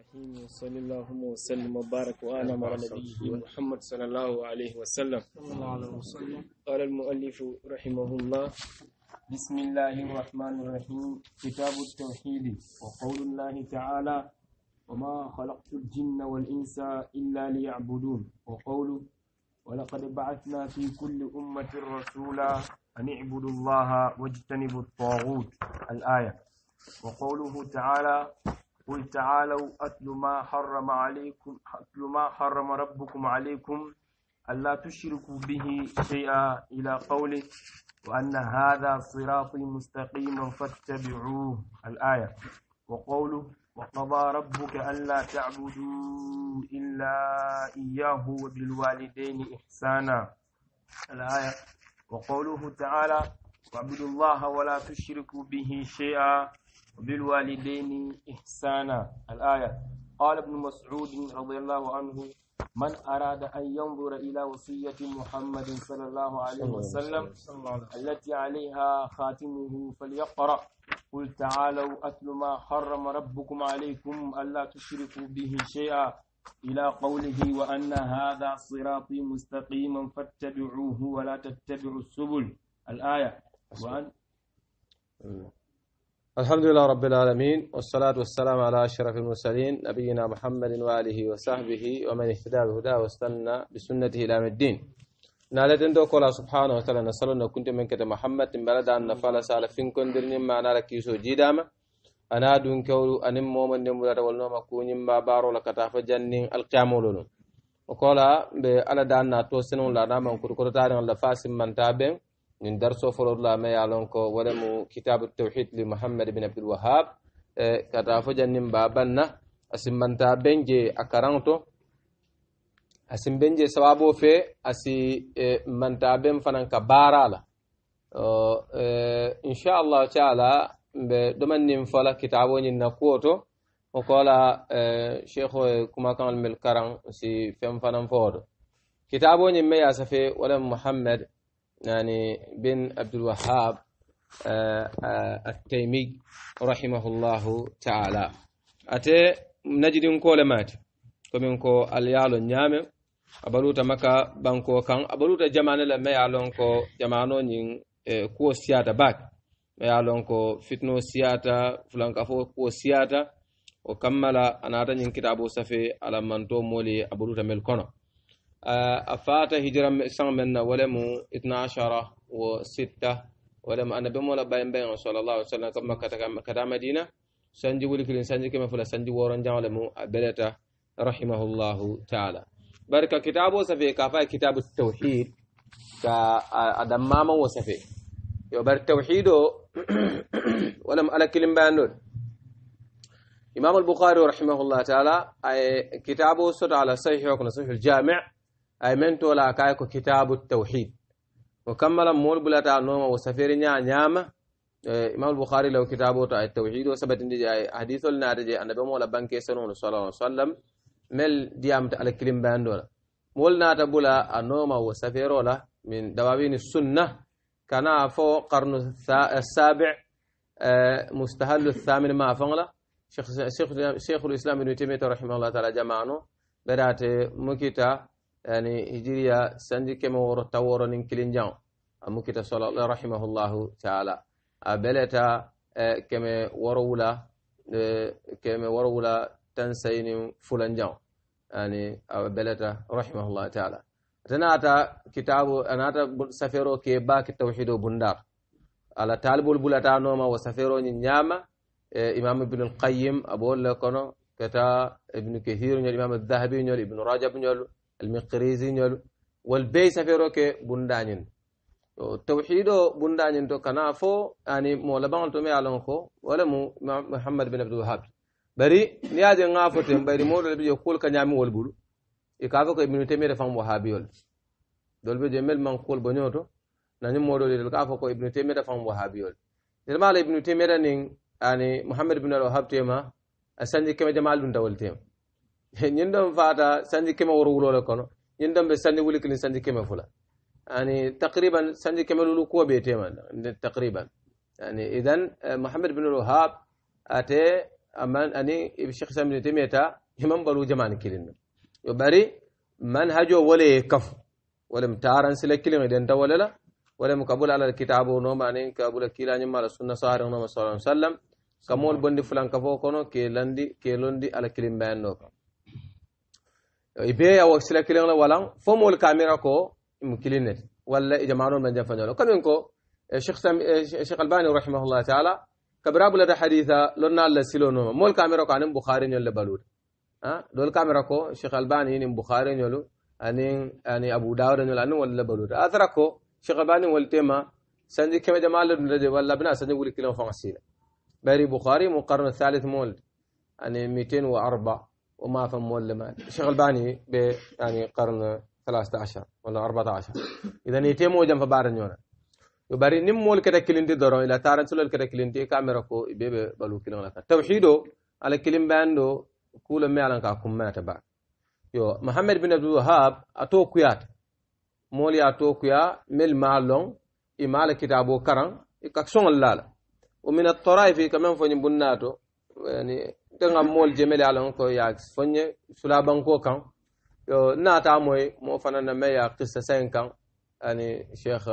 الرحيم وصلى الله وسلم وبارك وانعم على نبيه محمد صلى الله عليه وسلم قال المؤلف رحمه الله بسم الله الرحمن الرحيم كتاب التوحيد وقول الله تعالى وما خلقت الجن والإنس إلا ليعبدون وقوله ولقد بعثنا في كل أمة رسولا أن اعبدوا الله واجتنبوا الطاغوت الآية وقوله تعالى قل تعالوا أتل ما حرم عليكم أتل ما حرم ربكم عليكم ألا تشركوا به شيئا إلى قوله وأن هذا صراطي مستقيما فاتبعوه الآية وقوله وقضى ربك ألا تعبدوا إلا إياه وبالوالدين إحسانا الآية وقوله تعالى واعبدوا الله ولا تشركوا به شيئا وبالوالدين إحسانا الآية قال ابن مسعود رضي الله عنه من أراد أن ينظر إلى وصية محمد صلى الله عليه وسلم التي عليها خاتمه فليقرأ قل تعالوا أتل ما حرم ربكم عليكم ألا تشركوا به شيئا إلى قوله وأن هذا صراطي مستقيما فاتبعوه ولا تتبعوا السبل الآية وأن الحمد لله رب العالمين والصلاة والسلام على أشرف المرسلين نبينا محمد وآله وصحبه ومن اهتدى بهداه واستنى بسنته إلى الدين نالتن دو كولا سبحانه وتعالى نسأل أن كنت من كتب محمد بلد أن نفالا سالة فين كن درني ما نالك يسو جيداما أنا دون كولو أن مومن نمولا دولنا مكوني ما بارو لكتافة جنين القيام ولنو وكولا بألا دان ناتوسنون لنا من كتب كتب تارين لفاسم من تابين من درس فلور لا ما يعلون كو ولم كتاب التوحيد لمحمد بن عبد الوهاب آه، كتافو جنن بابنا اسم من تابنج أكرانتو أسم بنج سوابو في أسي آه، من تابن فنان كبارا لا آه، إن شاء الله تعالى دومن فلا كتابو نكوتو وقال شيخ كما كان الملكران سي فم فنان فور كتابو نمي أسفي ولم محمد يعني بن عبد الوهاب آه، آه، التيمي رحمه الله تعالى أتي نجد كول مات كمن كو اليالو نيام أبلوت مكا بانكو كان أبلوت جمانة لما يعلون كو جمانو نين آه، كو سيادة باك ما يعلون كو فتنو سيادة فلان كفو كو سيادة وكمل أنا أتنين كتابو سفي على منتو مولي أبلوت ملكونو آه، أفات هجرة سان من ولم 12 وستة ولم أنا بمولا بين بين صلى الله عليه وسلم كما كتا مدينة سنجي ولكن سنجي كما فلا سنجي ورن ولم بلتا رحمه الله تعالى بارك كتابه وصفه كافا كتاب التوحيد كأدم أدمام وسفي يو بار التوحيد ولم على كلمة بانور إمام البخاري رحمه الله تعالى كتابه سر على صحيح وكنا صحيح الجامع ay men tola kay ko kitabu tawhid o kammala mool bulata nooma wo safiri ña ñaama imam albukhari law kitabo to ay tawhid o sabatindi je ay hadisol naata je annabi moola banke senolu sala sallam mel diyamta ala kilimbayandola mool naata bula a nooma wo safirola min dawawini sunna kana fo qarnu sabi mustahallu thamin ma fanla sheikh الاسلام ابن تيميه رحمه الله تعالى جمعنا بدات مكيتا يعني هجريا سندي كما ورو تورو كلين جان امكيتا صلى الله رحمه الله تعالى ابلتا آه، كما ورولا آه، كما ورولا تنسين فلان جان يعني ابلتا رحمه الله تعالى تناتا كتاب اناتا سفيرو كي باك التوحيد بندار على طالب البلتا نوما وسفيرو نياما آه، امام ابن القيم ابو الله كونو كتا ابن كثير نيال امام الذهبي نيال ابن راجب نيال المقريزين والبيس في روك بندانين توحيد بندانين تو كنا فو يعني مولا بانتو مي على نخو ولا محمد بن عبد الوهاب بري نيادي نغافو تيم بري مولا بي يقول كنعمي والبول يكافو كي بنو تيمير فان وهابي يول دول بي جميل من قول بنيوتو نانو مولا لدي لكافو كي بنو تيمير فان وهابي يول دلما لابنو تيمير نين يعني محمد بن عبد الوهاب تيما أسنجي كما جمال بن دول تيم ñin ɗon fata sanji keme wor wulole kono ñin ɗon ɓe sanji wuli kilin sanji keme fula يعني تقريبا سنجي كمال الوكوة بيتيما تقريبا يعني إذن محمد بن الوهاب أتي أمان أني الشيخ سامي بن تيمية إمام بلو جمان كلين يبري منهجه ولا كف ولم تارن سلا كلين إذن ولا لا ولم قبول على الكتاب ونوم أني قبول كلا نما على السنة صار ونوم صلى الله عليه وسلم كمول بندي فلان كفو كونو كيلندي كيلندي على كلين بيان نوكم ibe ya wa sila kilin la walan fo mol kamera ko im kilinet walla jama'ano man jafa nyalo kamen ko sheikh sam sheikh albani rahimahullah ta'ala kabra bula da haditha lonna la silo no mol kamera ko anin bukhari nyol le balut ha dol kamera ko sheikh albani ni bukhari nyolu anin ani abu dawud nyol anin walla balut athara ko sheikh albani wal tema sanji kema jama'al dunde walla bina sanji wuli kilin fa ngasila bari bukhari muqarna thalith mol ani 204 وما فم ولا مال الشيخ الباني ب يعني قرن 13 ولا 14 اذا يتيمو جنب بارنيونا يبري نم مول كده كلينتي درو الى تارن سول كده كلينتي كاميرا كو بيبي بالو كلين لك توحيدو على كلم باندو كول مي على كاكم ما تبع يو محمد بن عبد الوهاب اتو كيات يا اتو كيا مل مالون امال كتابو كران اكسون لالا ومن الطرائف كمان فني بناتو يعني tenga mol jemele ala ko ya fonye sula banko kan yo nata moy mo fanana me ya qissa sen kan ani sheikh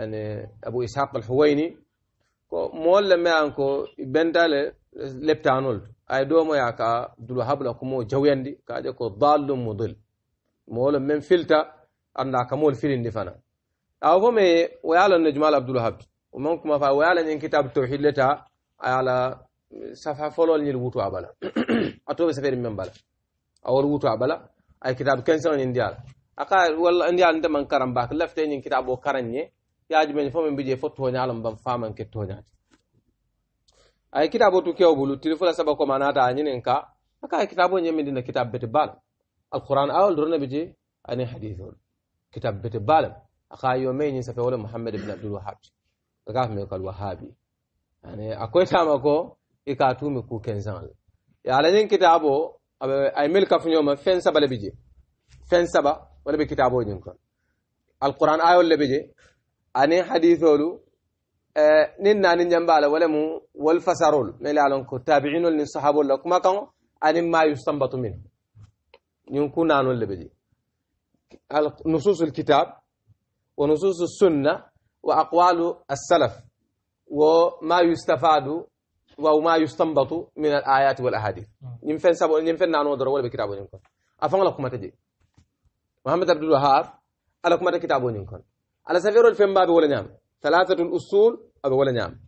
ani abu ishaq al-huwaini ko mol le me anko bentale leptanol ay do mo ya ka dul habla ko mo jawyandi ka de ko dalum mudil mol men filta anda ka mool filindi fana aw ko me wayala najmal abdul habib ومنكم فا ويالا ان كتاب التوحيد لتا على safa folol ñil wutu a bala atoɓe safeeri men bala awol wutu a bala ay kitabe kenseŋo ñin ndiyala aka walla ndiyala ndeman karan baka lafte ñin kitabe o karan ñe yaaji men fo men mbije fo toñalam ban faman ke toñaati ay kitabe o tu kewo bulu tili fula saba koma naata a ñinin ka aka ay kitabe o ñemmindina kitabe bete bala alquran awol dorona bije anin hadithol kitabe bete balam aka yo meñin safe wala mouhammad ibne abdoulwahab aka fme ko alwahabi yani a koytama ko ikatu me ku kenzan ya la ñiŋ kitabo ay ye mil kafuñoo ma feŋ saba le bi je saba wala le be kitaaboo ñiŋ kono alquran ayo le bije ani aniŋ hadisolu niŋ naani ñambaa wala mu wal fasarul mais a ko taabiinolu niŋ sahabo la kuma kaŋo aniŋ maa yustambatu min ñiŋ ku naanolu le be je nususul kitab wa nususu sunna wa aqwalu assalaf wo ma yustafadu وما يستنبط من الآيات والأحاديث ينفن نعم. سبو ينفن نانو درو ولا بكتابو نكون أفهم لكم تجي محمد عبد الوهاب على كم كتابو نكون على سفير الفم باب ولا نعم ثلاثة الأصول أبو ولا نعم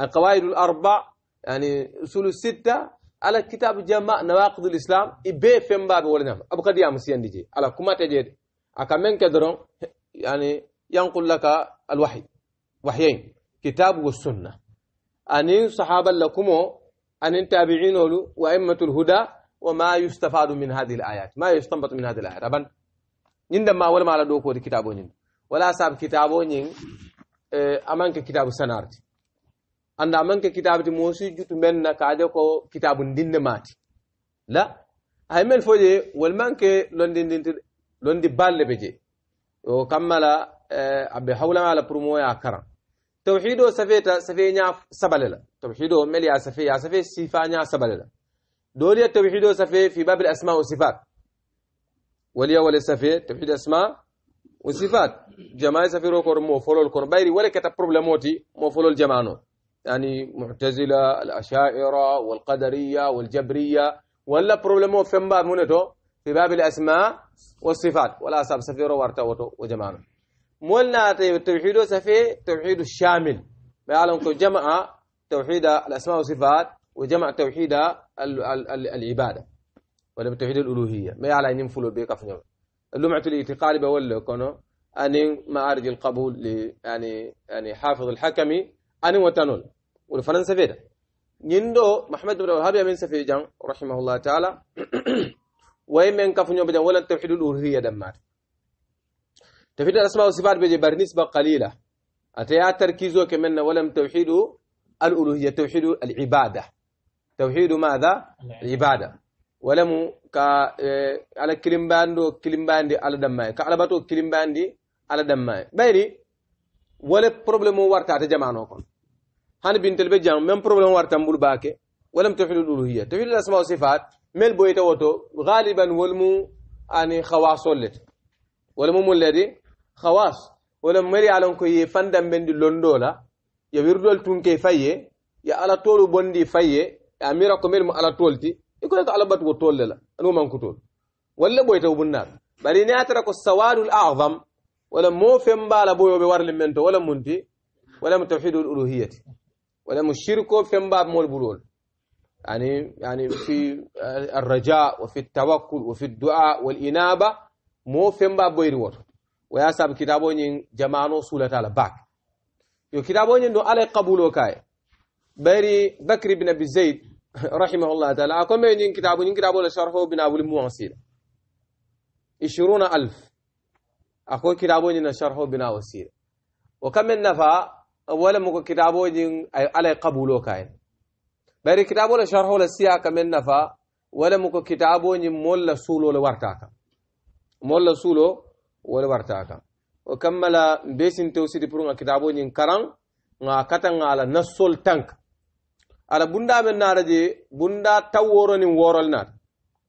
القواعد الأربع يعني أصول الستة على كتاب جماع نواقض الإسلام إبي فم باب ولا نعم أبو قد يا مسيان ديجي على كم تجي أكمن كدرون يعني ينقل لك الوحي وحيين كتاب والسنة أنين صحابا لكم أنين تابعين له وأئمة الهدى وما يستفاد من هذه الآيات ما يستنبط من هذه الآيات أبن عندما أول ما على دوكو كتابون ولا ساب كتابون أمانك كتاب سنارتي anda amanke kitabati mosi jutu men na kaade ko kitabu ndinne maati la hay men foje wol manke londi ndinti londi balle be je o kammala abe hawla ala promo ya karan توحيدو سفيتا سفينيا سبللا توحيدو مليا سفيا سفي سيفانيا سبللا دوليا توحيدو سفي في باب الأسماء والصفات وليا ولا سفي توحيد أسماء وصفات جماعة سفيرو كور مو فولو كور بايري ولا كتا بروبلموتي مو فولو جمانو يعني معتزلة الأشاعرة والقدرية والجبرية ولا بروبلمو فين باب مونتو في باب الأسماء والصفات ولا سب سفيرو وارتاوتو وجمانو مولنا توحيد سفي توحيد الشامل بعلم كو جمع توحيد الاسماء والصفات وجمع توحيد ال ال ال العباده ولا توحيد الالوهيه ما على ان ينفلو بك فنيو اللمعة الاعتقاد بولا كونو ان معارج القبول يعني يعني حافظ الحكمي ان وتنول والفرنسا فيدا نيندو محمد بن الوهاب من سفيجان رحمه الله تعالى وين من كفنيو بدا ولا توحيد الالوهيه دمار تفيد الأسماء والصفات بجبر نسبة قليلة أتيا تركيزه كمن ولم توحيد الألوهية توحيد العبادة توحيد ماذا؟ العبادة ولم ka ala kilimbando kilimbandi ala dammay ka alabato kilimbandi كلم باندي آه، على wala بيري ولا بروبلم وارتا kon han bintel بنت jam من بروبلم وارتا mbul باكي ولم توحيد الألوهية توحيد الأسماء والصفات مل بويتا وتو غالبا ولمو أني خواصلت ولمو الذي خواص ولم مري على انكو يفندم بند لوندولا يويردول تونكي فايي يا على طول بوندي فايي يا ميركو ميرم على طولتي يقولك على بات وطول لا نو مانكو طول ولا بويتو بنار بري ناترك السواد الاعظم ولا مو فيم بالا بويو بوارل منتو ولا مونتي ولا توحيد الالوهيه ولا مشركو فيم باب مول بولول يعني يعني في الرجاء وفي التوكل وفي الدعاء والانابه مو فيم باب بويرو ويا سام كتابو جمانو سولة على باك يو كتابو نين علي قبولو كاي بري بكر بن أبي زيد رحمه الله تعالى أكون بين كتابو نين كتابو لشرحه بن أبو المواصيل عشرون ألف أكون كتابو نين شرحه بن وسيل وكم النفع ولا مكو كتابو نين علي قبولو كاي بري كتابو لشرحه لسيا كم النفع ولا مكو كتابو مول سولو لورتاكا مول سولو wala warta kan o kammala mbesin tew sidi pour nga kitaboñin karan nga katan ala nassol tank ala bunda men naata je bunda tawworonin worol naata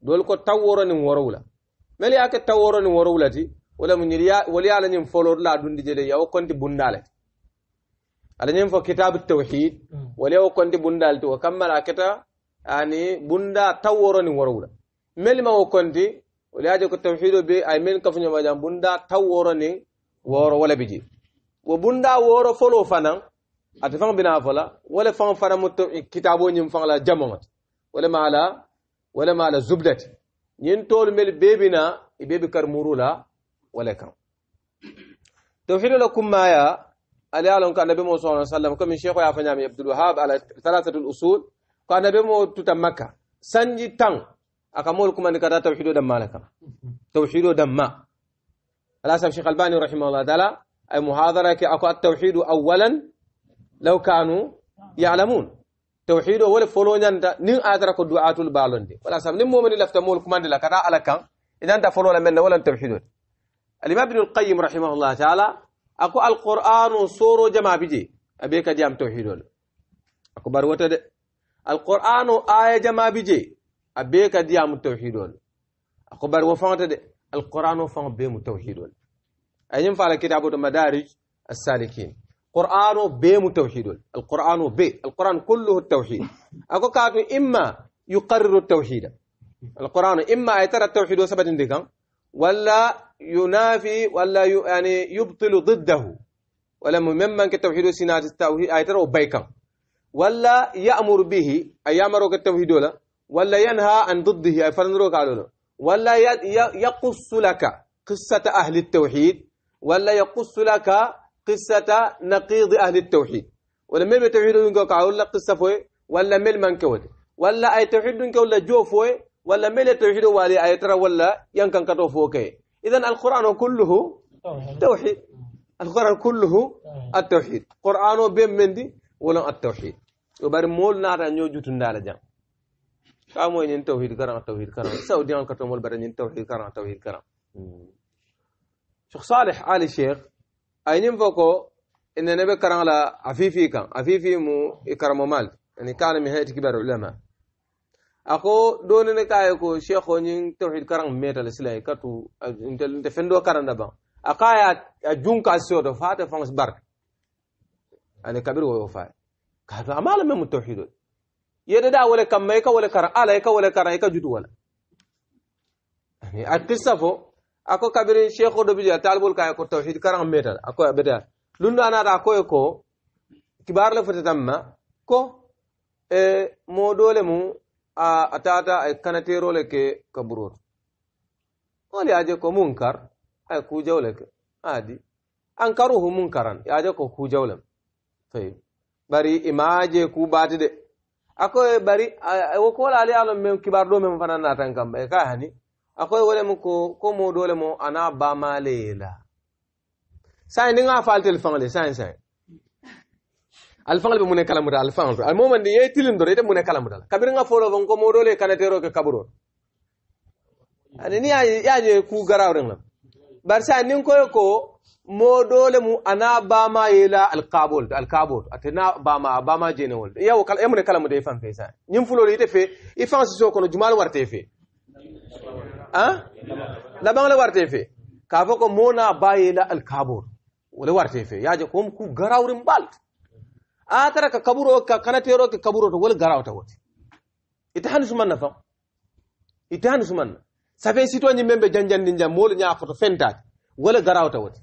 dol ko tawworonin worowla mel yake tawworonin worowlati wala mu ñil wali ala ñin folorla dundi jele yawo konti bundalati ala ñin fo kitabu tawhid wala yawo konti bundalti o kammala keta ani bunda tawworonin worowla mel ma wo konti ولهذا التوحيد بي اي من كفن نعم ما بوندا تورني وور ولا بيجي وبوندا وور فلو فنان اتفان بنا فلا ولا فان فنا كتابو نيم فان لا جامونت ولا ما لا ولا ما لا زبدت نين تول مل بيبنا بيبي كرمورولا ولا كان توحيد لكم ما يا علي علم كان النبي صلى الله عليه وسلم كم شيخ يا فنام عبد الوهاب على ثلاثه الاصول كان النبي تو مكه سنجي تان أقامول ان كذا توحيد دم مالك توحيد دم ما على حسب شيخ الباني رحمه الله تعالى أي محاضرة أكو التوحيد أولا لو كانوا يعلمون توحيد أول فلون نين أدرك الدعاة البالون دي ولا سام نمو من لفتمول كمان لك كذا على كان إذا أنت فلون من ولا توحيد الإمام ابن القيم رحمه الله تعالى أكو القرآن سورة جمع بيجي أبيك جام توحيد أكو بروتة القرآن آية جمع بيجي أبيك دي عم متوحيدون أخبر وفانت دي القرآن وفان بي متوحيدون أين فعل كتاب المدارج السالكين قرآن بي متوحيدون القرآن بي القرآن كله التوحيد أكو كاتو إما يقرر التوحيد القرآن إما أيتر التوحيد وسبت ديكا ولا ينافي ولا يعني يبطل ضده ولا ممن كتوحيد سينات التوحيد أيتر وبيكم ولا يأمر به أي يأمر ولا ولا ينهى عن ضده أي يعني فنروك له ولا يقص لك قصة أهل التوحيد ولا يقص لك قصة نقيض أهل التوحيد ولا مل بتوحيد ينقوك على قصة فوي ولا مل من كود ولا أي توحيد ولا جو فوي ولا مل توحيد والي أي ترى ولا ينكن كتو فوكي إذن القرآن كله توحيد القرآن كله التوحيد قرآن بين مندي ولا التوحيد وبر مول نار نيو جوتن دارجان ka moy ñin tawhid karan tawhid karan saudi on katomol bare ñin tawhid karan tawhid شيخ صالح آل الشيخ أينين فوقو إن نبي كران لا عفيفي كان عفيفي مو إكرم مال يعني كان من هيئة كبار العلماء أخو دون نكايكو شيخ ونين توحيد كران ميت الإسلام كتو أنت أنت فندو كران أقايا أجون كاسيو دفعت فانس بارك يعني كبير ويوفاي كاتو أمال من التوحيد يددا ولا كم يك ولا كر على يك ولا كر يك جدو ولا يعني القصة فو أكو كبير شيخ ودو بيجي طالب الكا يكو توحيد كرام ميتال أكو بدا لون أنا دا أكو يكو كبار لفتتما كو mo dole mu a tata a kanatero le ke kaburor wali aje ko munkar ay ku jawle ke adi an karuhu munkaran ya akoye bari wo koolaali ye loŋ meŋ kibaarudoo meŋ fanaŋ naatan kamma e ka hani akoye wo lemu ko ko moo doo lemu a naa baamaale ye la saayiŋ niŋ a faali telu faŋ le saayiŋ saayiŋ alifaŋo le be muŋ ne kalamuta alifaŋo to ali momandi ye tilin doro ite muŋ ne kalamuta la kabiriŋ ŋa foloo faŋ ko moo doo le ye kanateeroo ke kaburoo ani niŋ ye a je kuu garaawo reŋ la bari sannin koye ko mo dole mu ana bama yela alkabol alkabol atena bama bama jenewol yawo kala emune kala mu dey fan fesa nyim fulori ite fe i fan so kono jumal warte fe han laban le warte fe ka fo ko mona ba yela alkabol wala warte fe yaje kom ku garawrin bal a tara ka kaburo ka kana tero ka kaburo to wala garawta wote ita hanu sumanna fa ita hanu sumanna safe sitoñi men ɓe janjandi jam moolu ñafoto fentaati wala garawta woti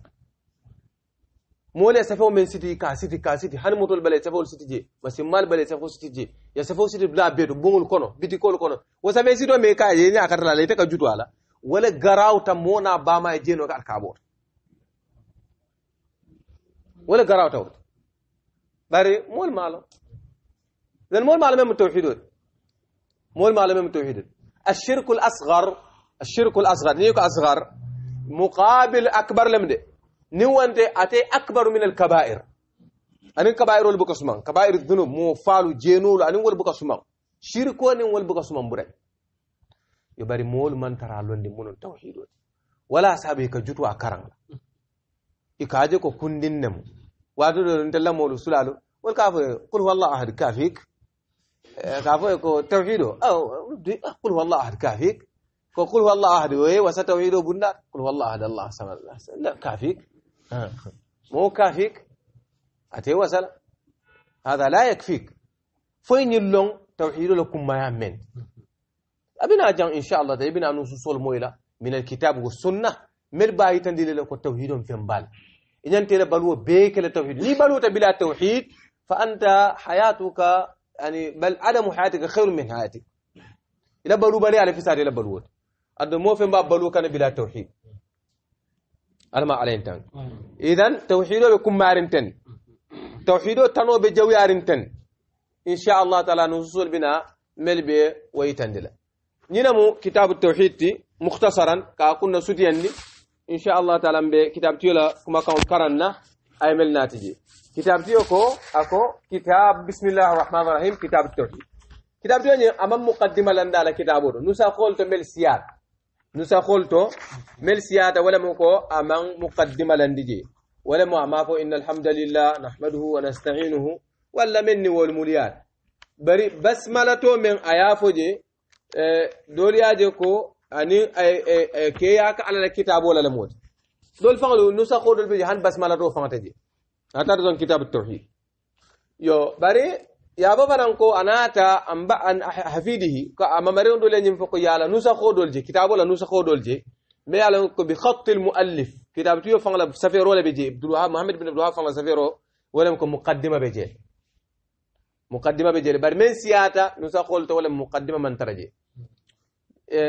moolu e safeo men siti ka siti ka siti hani motol ɓale safeol siti je ma simmal ɓale safo siti je ya safo siti la beeto boŋol kono bitikol kono wo safe sito me ka ye ñakatala la ite ka juto ala wala garawta mona bama e jeeno ka ata kaɓoto wala garawta woti bari mool maalo nden mool maalo men mo tawhid oti mool maalo men mo tawhid oti ashirku l الشرك الأصغر نيوك أصغر مقابل أكبر لمده نيوانتي أتي أكبر من الكبائر أنين كبائر البقسمان كبائر الذنوب مو فالو جينول أنين والبقسمان شركو أنين والبقسمان بري يباري مول من ترى لون مون التوحيد ولا سابي كجوتو أكران إكاجي كو كندين نمو وادو نتلا مولو سلالو والكافر قل هو الله أحد كافيك آه، كافر كو توحيدو أو قل هو الله أحد كافيك فقل هو الله أحد وستوعده بالنار قل هو الله أحد الله الله لا كافيك آه. مو كافيك أتي وسلا هذا لا يكفيك فين اللون توحيد لكم ما يعمل أبنا جان إن شاء الله تبينا نصوص المويلة من الكتاب والسنة مر باي تندل لكم توحيد في مبال إن أنت بلو بيك للتوحيد لي بلو بلا توحيد فأنت حياتك يعني بل عدم حياتك خير من حياتك إذا بلو بلي على فساد إذا بلوت أدو موفن باب بلوكان بلا توحيد ألما علين تان إذن توحيدو بكم مارنتن توحيدو تنو بجوي أرنتن إن شاء الله تعالى نوصل بنا ملبي ويتندل نينمو كتاب التوحيد تي مختصرا كاكونا سودياني إن شاء الله تعالى بي كتاب تيولا كما كون كرنا أي مل ناتجي كتاب تيوكو أكو كتاب بسم الله الرحمن الرحيم كتاب التوحيد كتاب تيوني أمام مقدمة لندالة كتابور نسا قول تمل سيار نسخولتو مل سيادة ولا موكو أمان مقدمة لندجي ولا مو أمافو إن الحمد لله نحمده ونستعينه ولا مني والمليار بري بس مالتو من أيافو جي دوليا جيكو أني كياك على الكتاب ولا لموت دول فانلو نسخو دول بجي هن بسملتو فانتجي هتار دون كتاب التوحيد يو بري ya babaran ko anata amba an hafidi ko amamare on dole nyim fo ko yala nusa khodol je kitabo la nusa khodol je me yala ko bi khatt al muallif kitab tiyo fangla safero la beje abdul wahab muhammad ibn abdul wahab fangla safero wala ko muqaddima beje muqaddima beje bar men siyata nusa khol to wala muqaddima man taraje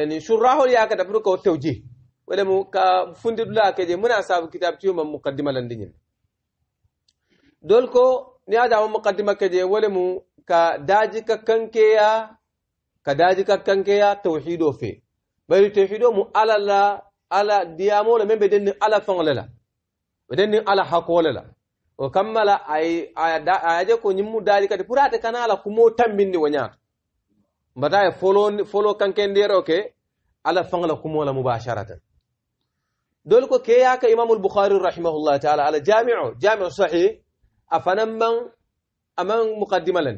ni shurahu ya ka tafru ko tawjih wala ka fundidula ke je muna sabu kitab muqaddima landinyin dolko ni adamu muqaddima keje wolemu ka daji kakkankeya ka daji kakkankeya tawhido fe bari tawhido mu ala la ala diyamola men ɓe denni ala feŋolela ɓe denni ala hakolela o kammala ayaje ko ñimmu daji kadi pour ate kana ala kumo tambindi wo ñaato mbata e folo folo kanke ndero ke ala feŋola kumola mubasharatan dol ko keyaka imamu lboukhari rahimahullah taala ala jamiu jamiu sahih أفنم أمام مقدمة لن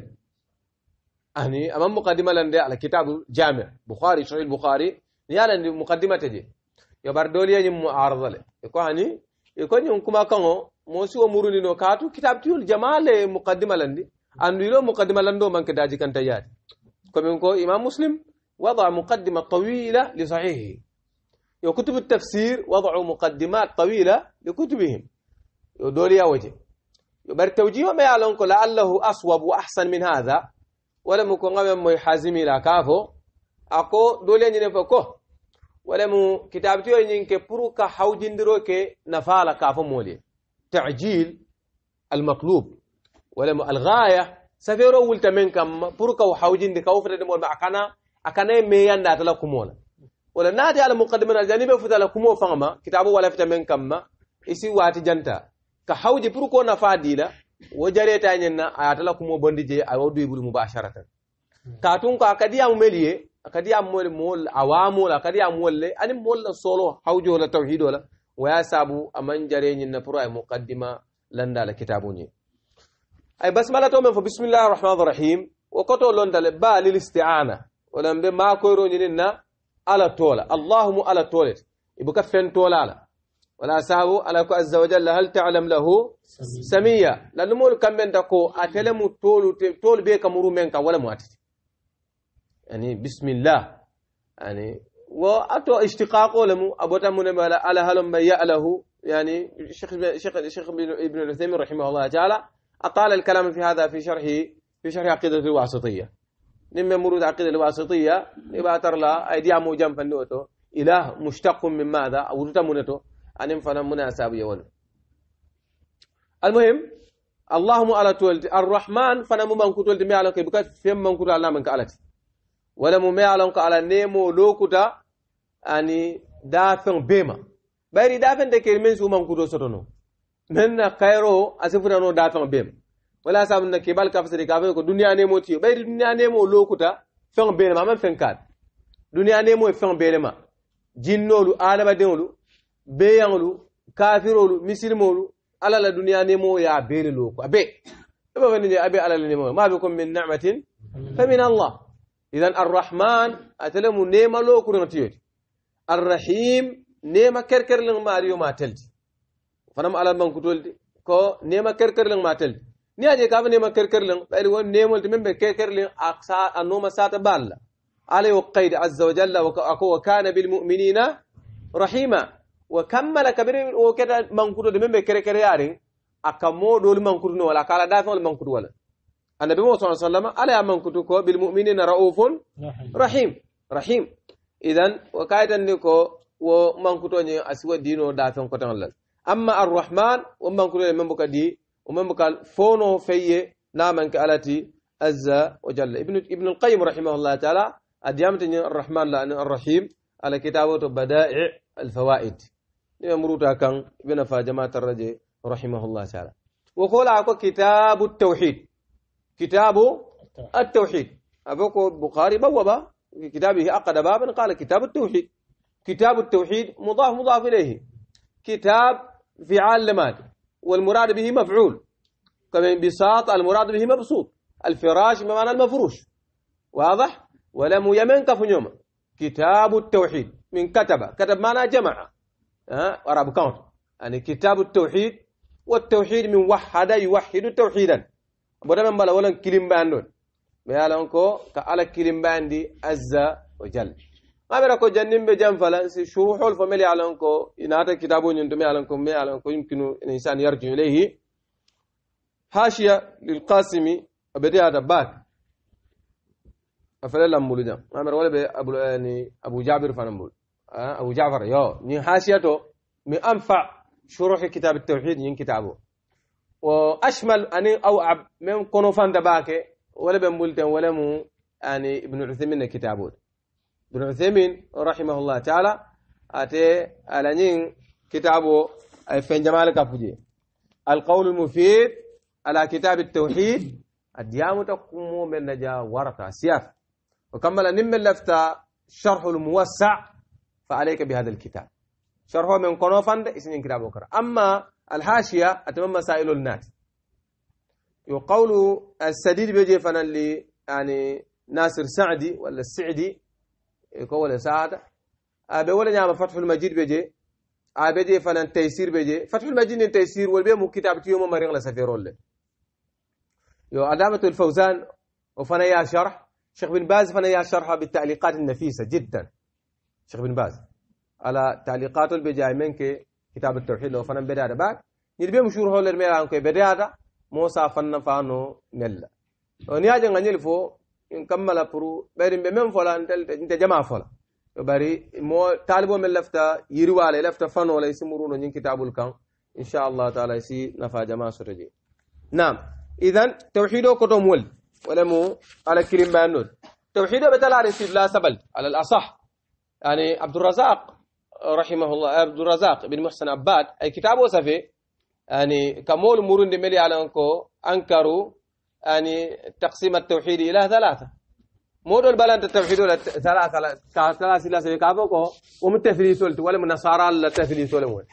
يعني أمام مقدمة لن دي على كتاب جامع بخاري صحيح البخاري يالا مقدمة تجي يبردولي يجم معارضة لن يعني يكون يوم كما كانوا موسي ومروني نوكاتو كتاب تيول جمال مقدمة لن دي أنديلو مقدمة لن دو من كداجي كان تياتي كم إمام مسلم وضع مقدمة طويلة لصحيحه يكتب التفسير وضع مقدمات طويلة لكتبهم دول يا وجه بر توجيه ما يعلن كل الله أصوب وأحسن من هذا ولم يكن غم مي حازم إلى كافو أكو دولي نفكو ولا مو كتابتي ينك بروكا حوجين دروك نفال كافو مولي تعجيل المطلوب ولم الغاية سفيرو ولت من كم بروكا وحوجين دكاو فرد مول معكنا أكنا ميان دات لكم ولا ولا نادي على مقدمة الجانب فتلا فما كتابه ولا فتمن كم إسي واتي جنتا ka hawje pour ko nafa dila wo jareta ñenna a yatala kumo bondi je a wawdu ibulu mubasharatan katun ko a kadiyamu meli ye a kadiyamu mole mool a wamola a kadiyamu wolle anin molla solo hawjola tawhidola waya sabu aman jare ñinna pour ay muqaddima landala kitabu ñe ay basmala to men fo bisimillahi rahmani rahim wo koto lontale ba lil isti'ana walan be makoyroñinin na ala tola allahumu ala tolet ibuka fen tolala ساو على كو عز وجل هل تعلم له سمية لأنه مول كم من تكو أتلم تول تول بيك مرو منك ولا مات يعني بسم الله يعني وأتو اشتقاق لم أبو تمن على هل ما يأله يعني الشيخ الشيخ الشيخ ابن العثيمين رحمه الله تعالى أطال الكلام في هذا في شرحه في شرح عقيدة الواسطية نم مرود عقيدة الواسطية يبقى ترلا أيديا مو جنب النوتو إله مشتق من ماذا أو تمنته anin fana muna sabu yawan almuhim allahumma ala tolti arrahman fana mu mankutolti me alon ko buka fem mankuto alna man ko alati wala mu mai alon ko ala nemo lokuta ani dafeŋ bema bayri dafen da ke min su mankuto sotono men na kairo kayro asifutano dafeŋ bema wala sabu na kebal ka kafe ko duniya nemo tiyo bayri duniya nemo lokuta fin bema man fin kaat duniya nemo fin bema jinnolu jinnoolu adamadeŋolu beyaŋolu kafirolu misilimolu alla la duniya nemoo ye a bee le looku a bee e ba fani je a bee alla la nemoo ma be comme min namatin fa min allah idan arrahman ate le mu nema lookuriŋo ti yoti arrahim nema kerkerliŋ maari yo ma telti fanam alla mankutol de ko nema kerkerliŋ ma telti ni a je kafa nema kerkerliŋ bayri won nemol ti meŋ be kerkerliŋ a nooma saata baal la alla yo kayde azza wa jalla وكمل كبير وكذا منكور دم بكر كريارين أكمو دول منكور ولا كلا دافع المنكور ولا النبي صلى الله عليه وسلم على منكور كو بالمؤمنين رؤوف رحيم رحيم إذن وكايت نيكو ومنكور ني أسوى دينو دافع كتن الله أما الرحمن ومنكور من بك دي ومن بك فونو في نامن كالتي عز وجل ابن ابن القيم رحمه الله تعالى أديامتني الرحمن لأن الرحيم على كتابه بدائع الفوائد ni كان kan جماعة fa رحمه الله تعالى وقول wa كتاب التوحيد كتاب التوحيد أبوك بخاري بوابا في كتابه عقد بابا قال كتاب التوحيد كتاب التوحيد مضاف مضاف إليه كتاب فعال لماضي والمراد به مفعول كما بساط المراد به مبسوط الفراش بمعنى المفروش واضح ولم يمن كفن يوم كتاب التوحيد من كتب كتب معنى جمع أراب كاونت يعني كتاب التوحيد والتوحيد من وحد يوحد توحيدا بودا من بلا ولا كلمة باندون ما يالونكو كألا كلمة باندي أزا وجل ما بيركو جنن بجنب فلا شروح الفملي يالونكو إن هذا كتاب ينتمي يالونكو ما يالونكو يمكن الإنسان يرجع إليه حاشية للقاسم أبدي هذا بعد أفلا لم مولدا ما بيركو أبو يعني أبو جابر فنمول آه، أبو جعفر يو ني حاشيته من أنفع شروح كتاب التوحيد ين كتابه وأشمل أني أو أب من كونو فان ولا بن ولا مو أني يعني، ابن عثيمين كتابه ابن عثيمين رحمه الله تعالى أتي على نين كتابه فين جمال كفجي القول المفيد على كتاب التوحيد الديام تقوم من نجا ورقة سياف وكمل نم لفتا شرح الموسع فعليك بهذا الكتاب شرحه من قنو فند اسنين كتاب أخرى أما الحاشية أتمنى مسائل الناس يقول السديد بيجي فانا اللي يعني ناصر سعدي ولا السعدي يقول سعد أبي ولا نعم فتح المجيد بيجي أبي آه، دي فانا التيسير بيجي فتح المجيد التيسير والبيع مو كتاب تيوم مريغ لسفيرول يو علامة الفوزان وفانا يا شرح شيخ بن باز فانا يا شرحه بالتعليقات النفيسة جدا شيخ بن باز على تعليقات البجاي منك كتاب التوحيد لو فنن بدادا بعد نيربي مشهور هو لر ميران كو بدادا موسى فنن فانو نل ونيا جان غنيل فو ان كمل برو بيرم بمن فلا انت جماعه فلا bari mo talibo men lafta yiriwale lafta fano lay si muruno ñin kitabul kan inchallah taala si nafa jama soto je nam idan tawhid o kotom wol wala mu ala kilim bayannol tawhid o ɓe talare sibla sabal ala l asah يعني عبد الرزاق رحمه الله عبد الرزاق بن محسن عباد أي كتابه سفي يعني كمول مرون ملي على أنكو أنكروا يعني تقسيم التوحيد إلى ثلاثة مود البلد التوحيد الى ثلاثة ثلاثة الى سفي كابوكو ومتثليث ولا ولا النصارى لا تثليث ولا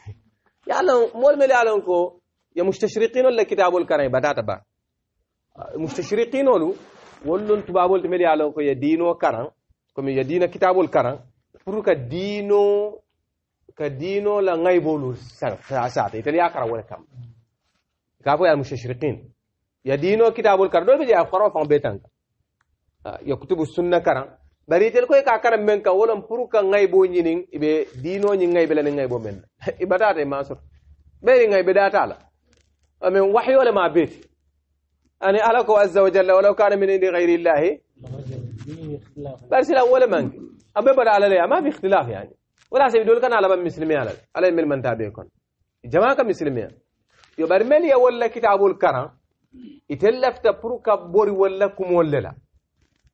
يعني مول ملي على أنكو يا مستشرقين ولا كتاب الكريم بدات با مستشرقين ولو ولن تبابول ملي على أنكو يدينو كران كم دين كتاب الكران pour ka diino ka diino la ŋayboolu saata itali ye a kara wo le kam ka fo ye almustashriqin ya diino kitaabolu kara doolu be je a faroo faŋ ya kutubu sunna karaŋ bari itali ko ka kara meŋ ka wo pour ka ŋayboo ñiniŋ i be diinoo ñiŋ ŋaybe la niŋ ŋayboo meŋ na i bataata i la amin wahyo le maa beeti ani ala azza wa jalla walaw kana min indi gayri illahi bari sila wo أبي بدر على ليه ما في اختلاف يعني ولا سيد سيدول كان على من مسلمي على على من من تابعكم جماعة مسلمي يبر ملي ولا كتاب الكرم يتلف تبرو كبر ولا كم ولا لا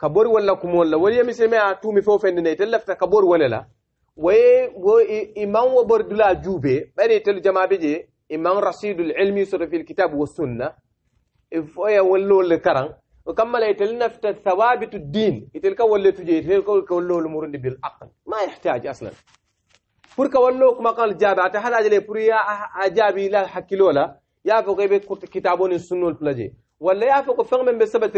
كبر ولا كم ولا ولا مسلمي أتو مفوف إن يتلف تكبر ولا لا وي وي إمام وبردلا جوبي بري تل جماعة بيجي إمام رصيد العلمي صرف في الكتاب والسنة فويا ولا ولا وكمل يتلنفت ثوابت الدين يتلك ولا تجي يتلك ولا الامور دي بالعقل ما يحتاج اصلا فرك ولوك ما قال جابع تحل اجل بريا اجابي لا حكي لولا يا فوقي كتابون السنول بلاجي ولا يا فوق فهم بسبت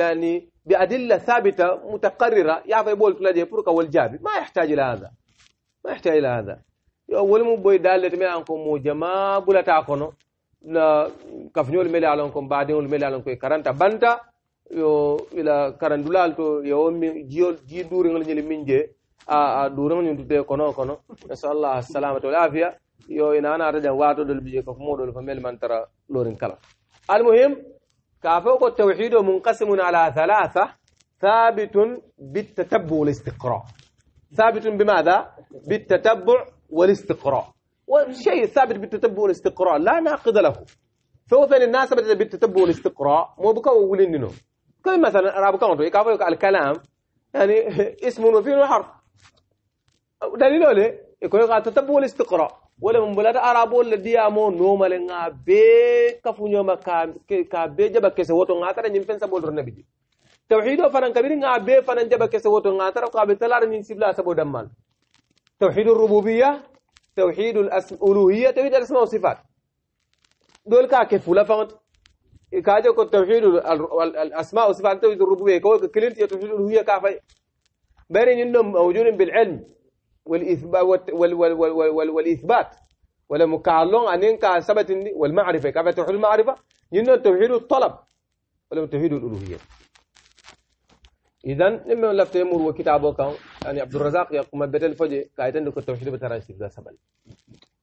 يعني بادله ثابته متقرره يا فوق بول بلاجي فرك والجابي ما يحتاج الى هذا ما يحتاج الى هذا يا ولم بوي دالت مي انكم مو جما بولا تاكونو كفنيول ملي علىكم بعدين ملي علىكم 40 بانتا yo ila karandulal to yo mi jiyol ji duri ñili min minje a a durangol ñum tutte kono kono insallah salamatu wal afia yo ina ana anata jam dol bije ko moɗol fa mel man tara lorin kala al muhim ka fa ko tawhido munqasimun ala halatha ثابت بالتتبع والاستقراء ثابت بماذا بالتتبع والاستقراء والشيء الثابت بالتتبع والاستقراء لا ناقض له فهو فين الناس بالتتبع والاستقراء مو بكو ولينهم طيب مثلا راب كونتري كافيك الكلام يعني اسم وفين حرف دليله لي يكون قاعد تتبو الاستقراء wala mo bulata arabo le diamo nomale nga be kafu nyoma ka ka be jaba kese woto nga tara nyim pensa bolro nabi tawhido fanan kabiri nga be fanan jaba kese woto nga tara ka be talar nyin sibla sabo dammal توحيد الربوبية توحيد الألوهية توحيد الأسماء والصفات دول كاكف ولا فهمت كاجو كو توحيد الاسماء والصفات توحيد الربوبيه كو كليرت توحيد الالوهيه كافي بين انهم موجود بالعلم والاثبات والاثبات ولا مكالون ان ان كسبت والمعرفه كافي توحيد المعرفه ينو توحيد الطلب ولا توحيد الالوهيه اذا لما لفت يمر وكتابه كان يعني عبد الرزاق يقوم بدل فجي كايتن كو توحيد بتراشي سبل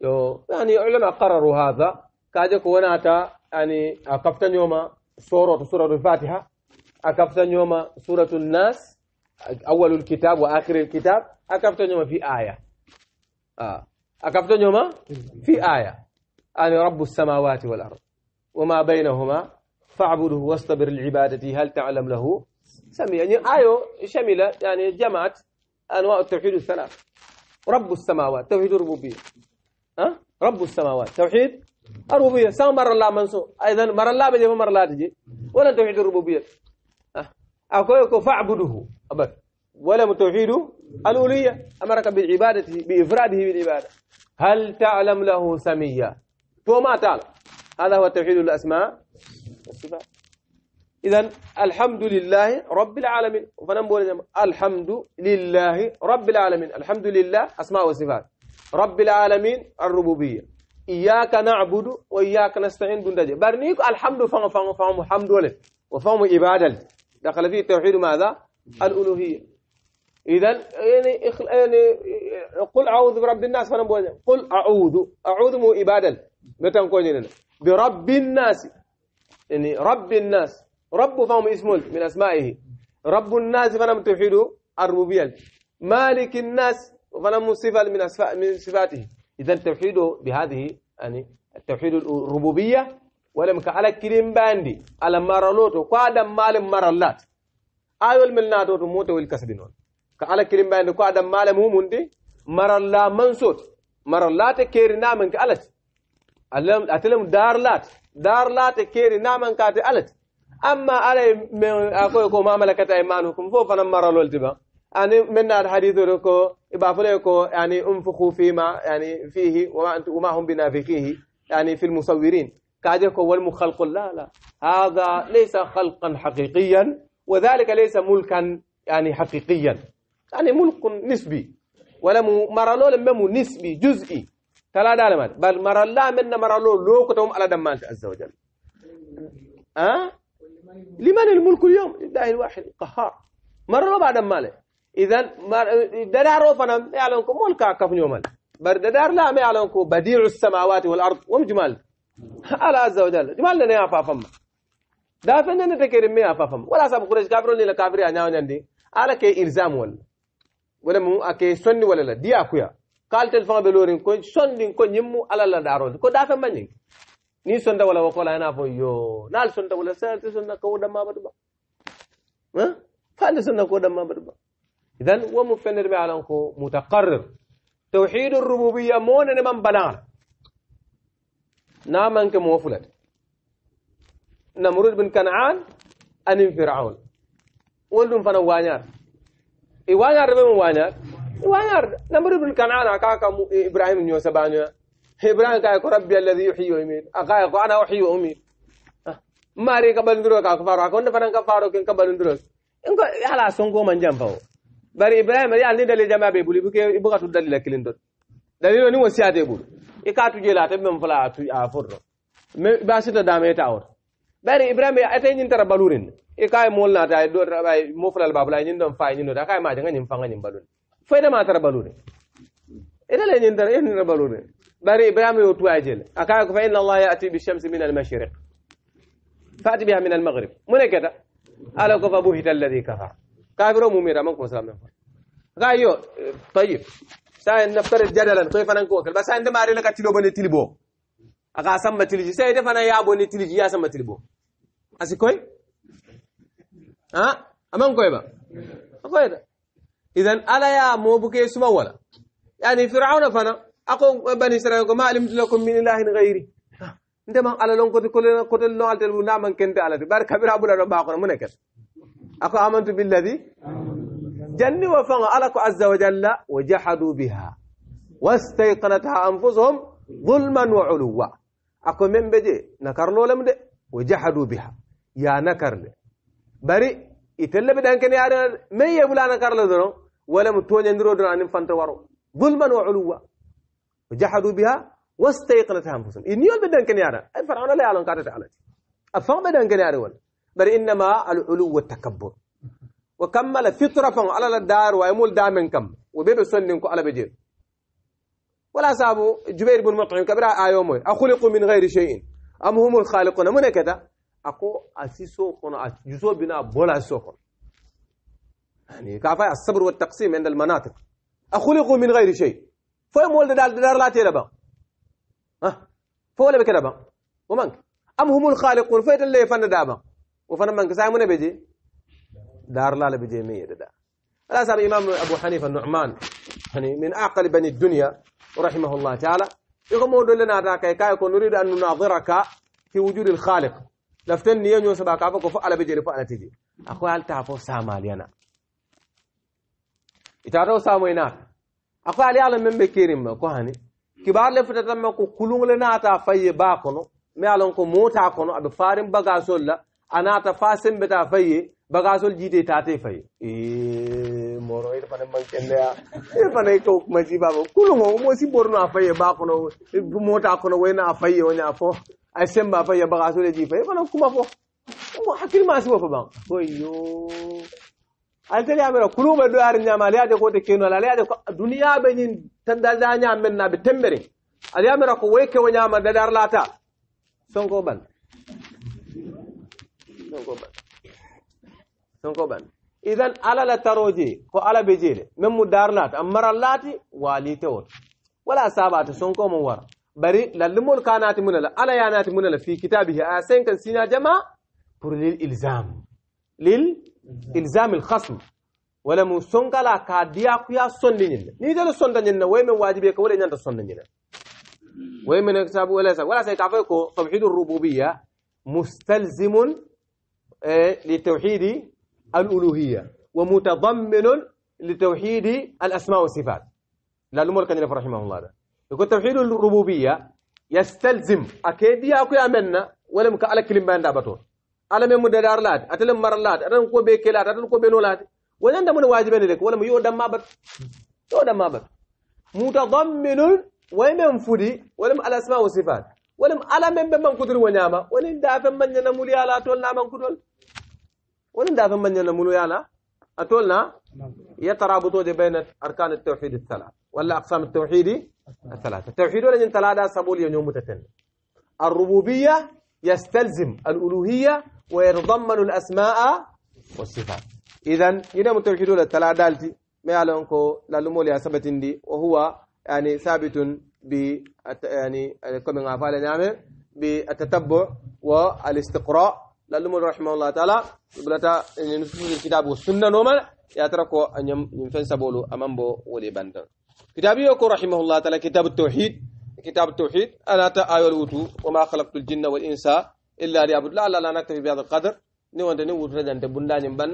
يو يعني علماء قرروا هذا كاجو كوناتا يعني أقفت يوم سورة سورة الفاتحة أقفت يوم سورة الناس أول الكتاب وآخر الكتاب أقفت يوم في آية آه. أقفت يوم في آية أني رب السماوات والأرض وما بينهما فاعبده واصطبر لعبادته هل تعلم له سمي يعني آية شملة يعني جمعت أنواع التوحيد الثلاث رب السماوات توحيد الربوبية أه؟ رب السماوات توحيد الربوبية سام مر الله منسو إذا مر الله بدي مر الله تجي ولا توحيد الربوبية أكو أه. فاعبده أبد ولا توحيد الاوليه أمرك بعبادته بإفراده بالعبادة هل تعلم له سميا وما تعلم هذا هو توحيد الأسماء والصفات إذا الحمد لله رب العالمين فنقول الحمد لله رب العالمين الحمد لله أسماء وصفات رب العالمين الربوبية iyyaka na'budu wa iyyaka nasta'in dunda je bari ni ko alhamdu fango fango fango hamdole wa fango ibadal dakhala fi tawhid madha al-uluhiyya إذا يعني يعني قل أعوذ برب الناس فأنا بقول قل أعوذ أعوذ مو إبادة متى نكون برب الناس يعني رب الناس رب فهم اسمه من أسمائه رب الناس فأنا متوحيد الربوبية مالك الناس فأنا صفة من, من صفاته إذا التوحيد بهذه يعني التوحيد الربوبية ولا ولم كعلى كريم باندي على مرلوتو وقادم مال مرلات أول من ناتو الموت والكسبينون كعلى كريم باندي قادا مال مو مندي مرلا منسوت مرلات كير نامن كالت أتلم دارلات دارلات كير نامن كاتي ألت أما علي من أقول ما ملكت أيمانكم فوفنا مرلو التبا يعني من الحديث لكو إبافلكو يعني انفخوا فيما يعني فيه وما أنت وما هم بنافخيه يعني في المصورين كاجكو والمخلق لا لا هذا ليس خلقا حقيقيا وذلك ليس ملكا يعني حقيقيا يعني ملك نسبي ولا مرلو لممو نسبي جزئي تلا دالمات بل مرلا من مرلو لوكتهم على دمانت عز وجل أه؟ لمن الملك اليوم لله الواحد القهار مرلو بعد ماله إذا ددار فنم يعلمكم ملكا كفن يوما بر ددار لا ما يعلمكم بديع السماوات والأرض ومجمل على عز وجل جمال لنا يا فافم دا فنن تكرم يا فافم ولا سب قريش كافرون لا كافر يا ناو نندي على كي إلزام ولا ولا مو أكي سني ولا لا دي أكويا قال تلفون بلورين كون سندين كون يمو على لا دارون كو دا فمن ni sonda wala wakola ana fo yo nal sonda wala sa sonda ko da ma ba ba ha fa sonda ko da ma ba ba إذا ربي على أنكو متقرر توحيد الربوبية مون أنا من بلان نعم أنك كموفلت نمرود بن كنعان أن فرعون ولدن فانا وانيار إي وانيار من وانيار وانيار نمرود بن كنعان أكاكا إيه إبراهيم نيو بانيار إبراهيم كاي ربي الذي يحيي ويميت أكايكو أنا أحيي وأميت أه. ماري كبلندروك أكفارو أكون فانا كفارو كن كبال ندرو إنكو يالا إيه سنكو من جنبه bari ibrahim ye alni dalil jama be buli bulu ibuke ibukatu dalila kilin dot dalilo ni wasiyate bu e ka tu tuje la mem fala tu a forro me ba ta dame ta or bari ibrahim ibrahima ate nyin tara balurin e ka mol na ta do ta mo fala babla nyin don fay nyin do ka ma janga nyin fanga nyin balun fayda ma tara balurin e le nyin tara nyin tara balurin bari ibrahim yo tu ajel aka ko fa inna allah ya'ti bi shamsi min al mashriq fa'ti biha min al maghrib munakata ala ko fa buhita alladhi kafara كافر ومؤمن ما نكون سلام نفر غايو طيب ساي نفترض جدلا كيف طيب انا نكون بس عندما اري لك تلو بني تلبو اغا سما تلجي سيد فانا يا بني تلجي يا سما تلبو اسي كوي ها امان كوي با كوي اذا الا يا مو بكي سما ولا يعني فرعون فانا اقو بني اسرائيل ما علمت لكم من اله غيري ndema على lon ko ko ko lon altel bu na man kente ala bar kabira bu la do ba أكو آمنت بالذي جن وفن ألك عز وجل وجحدوا بها واستيقنتها أنفسهم ظلما وعلوا أكو من بجي نكر لولم دي وجحدوا بها يا نكر نكرل بري يتل بدان كان يار من يبلا نكرل دون ولا متون ندرو دون ان فانت وارو ظلما وعلوا وجحدوا بها واستيقنتها أنفسهم إن يول بدان كان يار فرعون لا يعلم كاتت على أفهم بدان كان يار ولا بل إنما العلو والتكبر وكمل فطرة على الدار ويمول دامن كم وبيب سننكو على بجير ولا سابو جبير بن مطعم كبرا آيومي أخلقوا من غير شيء أم هم الخالقون من كذا أكو أسي سوقنا جزو بنا بولا سوقنا يعني كافة الصبر والتقسيم عند المناطق أخلقوا من غير شيء فهم ولد دار لا تيربا ها فولا بكذا بكربا ومنك أم هم الخالقون فيت اللي فن دابا وفنا من كسامونا بيجي دار لا بيجي مية ده لا سأل الإمام أبو حنيفة النعمان يعني من أعقل بني الدنيا رحمه الله تعالى يقوم يقول لنا هذا كي يكون نريد أن نناظرك في وجود الخالق لفتني ينيو سباك أفك فألا بيجي لفألا تجي أخوة هل تعفو ساما لينا يتعرفو ساما لينا أخوة هل من بكيرم كهاني كبار لفتتم كلون لنا تعفي باكنو ما يعلم كموتاكنو أبفارم بغاسو الله anata fasin bita faye ba ga bagasol jite tate faye eh moro ita fana man kende ya ita fana ita kuma si baba kulungo mo si borno a faye ba ko kono mota ko no wayna a faye wanya afo ay semba faye ba ga sol e ji faye fana kuma fo mo hakil ma si wo ban boyo altali amira kuluma do ar nyama ali ade ko te keno ali ade ko duniya be nyin tandal da nyama men na be tembere ali amira ko weke wanya ma da dar lata son ko ban سنقوبان إذن على لتروجي كو على بجيل من مدارنات أمر اللات والي تور ولا سابات سنقوم وار بري للمول كانات من الله على يانات من الله في كتابه آسين كان سينا جماع بر للإلزام للإلزام الخصم ولا مسونك لا كاديا كيا سون لينيل نيجل سون دنيل وين من واجبه كولا نيجل سون لينيل وين من كتاب ولا سا ولا سا كافيكو توحيد الربوبية مستلزم إيه؟ لتوحيد الألوهية ومتضمن لتوحيد الأسماء والصفات لا لمول كان رحمه الله يقول توحيد الربوبية يستلزم أكيد يا أكو أمنا ولا مك على كلمة عند بطور على من مدار لات أتلم مر لات أتلم كو بيكلات أتلم كو بينولات ولا عند من لك ولا يودم ما بط يودم ما بط متضمن وين فدي ولا الأسماء والصفات ولم على من من كتر ونعمة ولن دافع من ينمو مولي على طول من كتر ولن دافع من ينمو مولي على أتولنا يترابطوا بين أركان التوحيد الثلاث ولا أقسام التوحيد الثلاثة التوحيد ولا ينتلا سبول يوم متتن الربوبية يستلزم الألوهية ويتضمن الأسماء والصفات إذا إذا متوحيد ولا تلا دالتي ما يعلمكو لالمولي سبتندي وهو يعني ثابت ب يعني كما قال نعم بالتتبع والاستقراء لعلهم رحمه الله تعالى بلتا ان نسوس الكتاب والسنه نوما تركو ان ينفن سبولو امامبو ولي كتاب كتابي رحمه الله تعالى كتاب التوحيد كتاب التوحيد انا تا ايول الوتو وما خلقت الجن والانس الا ليعبد الله لا لا نكتفي بهذا القدر ني نود نود ردن بندان بن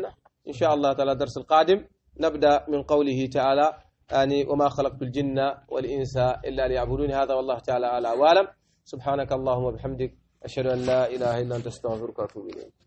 ان شاء الله تعالى الدرس القادم نبدا من قوله تعالى يعني وما خلقت الجن والإنس إلا ليعبدون هذا والله تعالى على وأعلم سبحانك اللهم وبحمدك أشهد أن لا إله إلا أنت أستغفرك وأتوب إليك